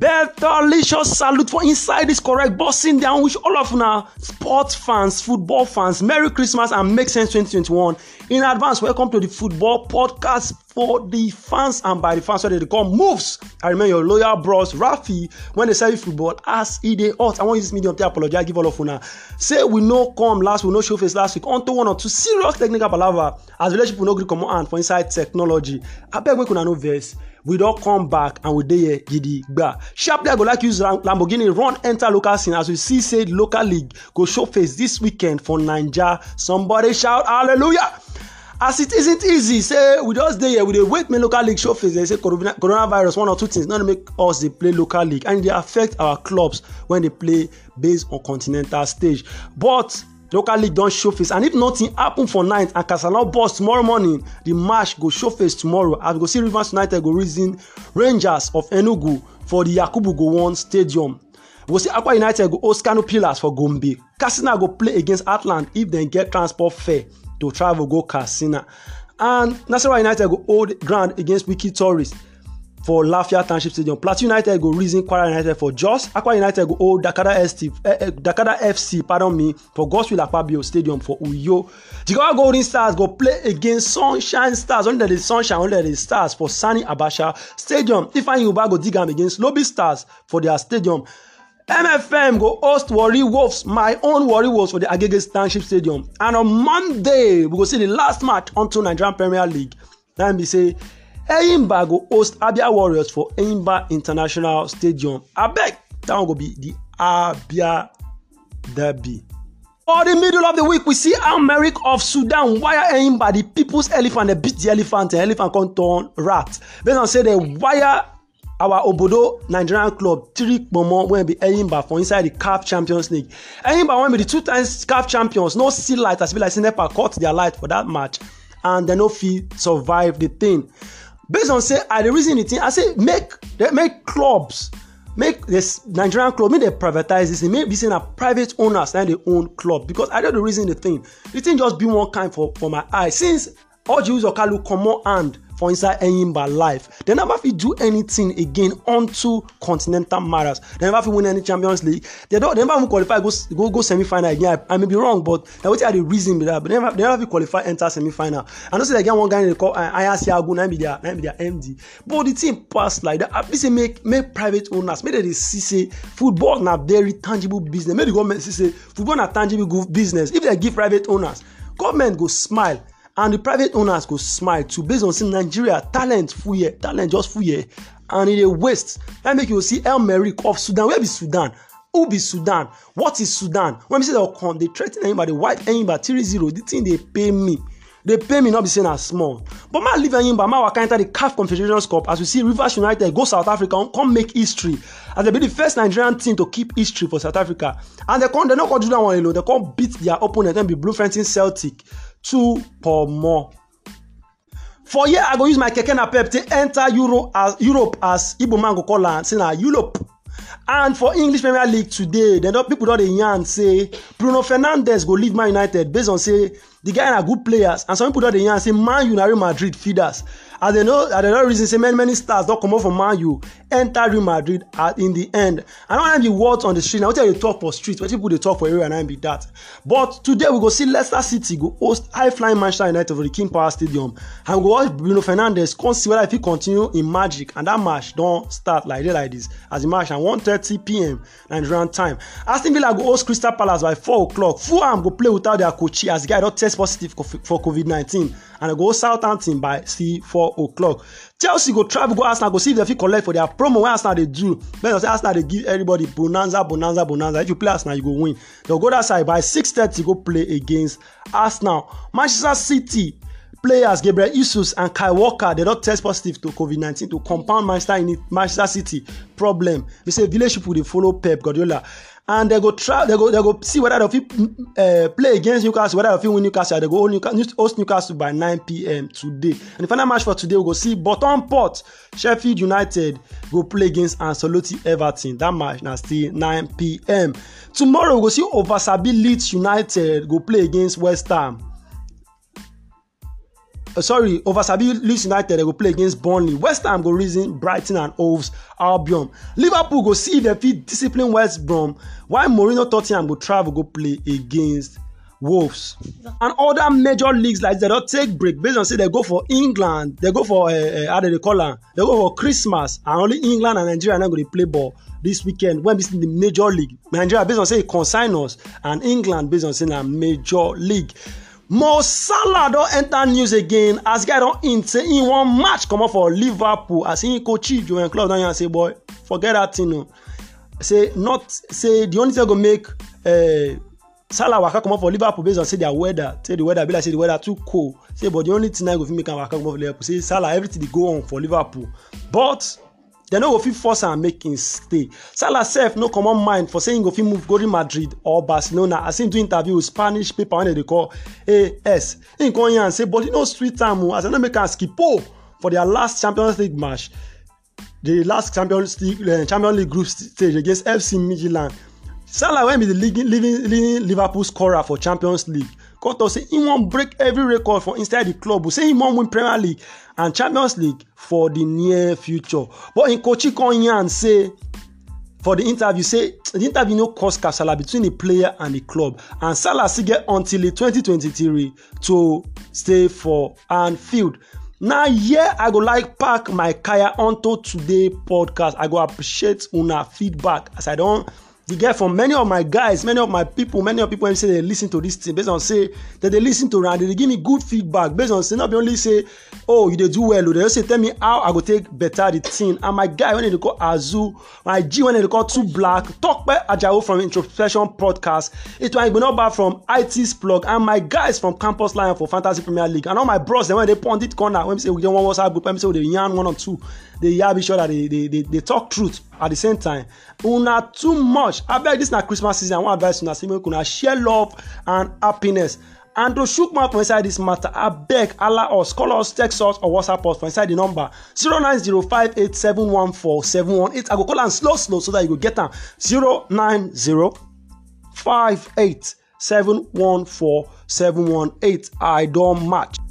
better, delicious salute for inside this correct boxing down, which all of now sports fans, football fans, Merry Christmas and Make Sense 2021. In advance, welcome to the football podcast for the fans and by the fans, what so they call moves. I remember your loyal bros, Rafi, when they sell football, as he they hot. I want you this medium to apologize, give all of una. Say we no come last, we no show face last week, onto one or two serious technical palaver as relationship will no gree come on for inside technology. I beg we could no this. we don't come back and we dey here gidigba sharply i go like use lamborghini run enter local scene as we see said local league go show surface this weekend for naija somebody shout hallelujah as it isn't easy say we just dey here we dey wait make local league show face dey say coronavirus one or two things no dey make us dey play local league and e dey affect our clubs when dey play based on continental stage but local league don show face and if nothing happen for night and kasala burst tomorrow morning the match go show face tomorrow as we go see rivers united go reason rangers of enugu for the yakubu gowon stadium we see akwa united go host kano pillars for gombe katsina go play against atlant if they get transport fare to travel go katsina and nasarawa united go hold ground against wiki tourists for lafia township stadium plateau united go reason kwara united for jos akwa united go hold dakada fc eh, eh, dakada fc pardon me for gospel akpabio stadium for uyo jigawa golden stars go play against sunshine stars only dey sunshine only dey stars for sani abacha stadium ifeanyi uba go dig against Lobby stars for their stadium mfm go host warri wolves my own warri wolves for the agege township stadium and on monday we go see the last match unto nigerian premier league Then be say enyimba go host abia warriors for enyimba international stadium abeg that one go be the abia derby. For the middle of the week, we see Americ of Sudan wire aim the people's elephant. They beat the elephant, the elephant can turn rat. Based on say they wire our obodo nigerian club three kpomo wey be enyimba for inside the caf champions league enyimba wey be the two times caf champions no see light as e be like say nepa cut dia light for that match and dem no fit survive the thing based on say i dey reason the thing i say make make clubs make this nigerian club make dem privatize this thing make be say na private owners na dey own club because i don dey reason the thing the thing just be one kind for for my eye since all orji uzokalo comot hand for inside Enyimba life. They never fit do anything again unto continental matters. They never fit win any Champions League. They don't they never even qualify go go, go semi final again. I, I may be wrong, but na wetin I dey reason be that. But they never they never fit qualify enter semi final. I know say they get one guy dey call uh, Ayase Agu na him be their na him be their MD. But the thing pass like that. At least say make make private owners make dem dey see say football na very tangible business. Make the government see say football na tangible business. If they give private owners government go smile and the private owners go smile too based on say nigeria talent full year talent just full year and e dey waste na make you see elmeric of sudan Where be sudan who be sudan what is sudan when be say they come they threa ten enyimba dey wipe enyimba three zero the thing dey pay me dey pay me no be say na small but ma leave enyimba ma waka enter the caf confederations cup as we see rivers united go south africa come make history as they be the first nigerian team to keep history for south africa and they come they no come do that one alone They come beat their opponent wey be blue bloemfontein celtic 2 per month. for here i go use my keke napep take enter Euro as, europe as igbo man go call am say na europe and for english premier league today dem don people don dey yarn say bruno fernandes go leave man united based on say di guy na good players and some people don dey yarn say man United madrid feeders as dem know, as dem know, reason say many many stars don comot from man u enter real madrid at in the end i no wan be words on the street na wetin i dey talk for street wetin people dey talk for area na be that but today we go see leicester city go host high flying manchester united for the king power stadium and we go watch bruno fernandes come see whether he fit continue im magic and that match don start like day like this as the match na 1:30pm nigerian time aston villa go host crystal palace by four o'clock fulham go play without their coach as the guy don test positive for covid-19 and dem go host southampton by c four o'clock chelsea go travel go arsenal go see if dem fit collect for their promo wey arsenal dey do make dem say arsenal dey give everybody bonanza bonanza bonanza if you play arsenal you go win dem go that side by six thirty go play against arsenal manchester city players Gabriel Jesus and Kai Walker dem don test positive to COVID-19 to compound Manchester, Manchester City problem. Be say Village people dey follow Pep Guardiola and dem go try dem go dem go see whether dem fit uh, eh, play against Newcastle whether dem fit win Newcastle dem go hold Newcastle, host Newcastle by 9 pm today and the final match for today we go see Bolton Port Sheffield United go play against Ancelotti Everton that match na still 9 pm tomorrow we go see Ovasabi Leeds United go play against West Ham Uh, sorry over sabi leeds united dey go play against burnley west ham go reason brighton and hoves albion liverpool go see if dem fit discipline west brom while mourinho tottenham go travel go play against wolves and other major leagues like this, don take break based on say they go for england they go for uh, uh, how they dey call am they go for christmas and only england and nigeria now go dey play ball this weekend when be the major league nigeria based on say e consign us and england based on say na major league mo salah don enter news again as guy don hint say im wan match comot for liverpool as he coach johan club don yarn say boy forget dat thing o oh. say not say the only thing go make uh, salah waka comot for liverpool based on say their weather say the weather be like say the weather too cold say but the only thing I go fit make am waka comot for liverpool say salah everything dey go on for liverpool but dem no go fit force am make him stay salah sef no comot mind for say him go fit move go real madrid or barcelona as him do interview with spanish paper wey dem dey call as him come yarn say body e no sweet am o oh, as dem no make am skipo oh for dia last champions league match di last champions league uh, champions league group stage against fc milan salah wey be di leading leading liverpool scorer for champions league Come talk say he wan break every record for inside the club. Say he wan win Premier League and Champions League for the near future. But Nkochi come yarn say for the interview say the interview no cause kasala between the player and the club and salah still get until the 2023 to stay for anfield na here i go like pack my kaya unto today podcast i go appreciate una feedback as i don the get from many of my guys many of my people many of people wey say they lis ten to this thing based on say dem dey lis ten to am they dey give me good feedback based on say no be only say oh you dey do well o they. just say tell me how i go take better the thing and my guy wey dem dey call azu my g wey dem dey call two black tokpe ajawo from introspection podcast etuan igbonoba from its plug and my guys from campus lion for fantasy premier league and all my bros dem wey dey pundit corner wey be say we dey one whatsapp group wey be say we dey yarn one or two They yab each other dey they they they talk truth at the same time una too much abeg this na christmas season i wan advise una say make una share love and happiness and to shook mouth for inside this matter abeg hala us call us text us or whatsapp us for inside the number zero zero nine five eight seven seven one one four eight. i go call am slow slow so that you go get am eight. i don match.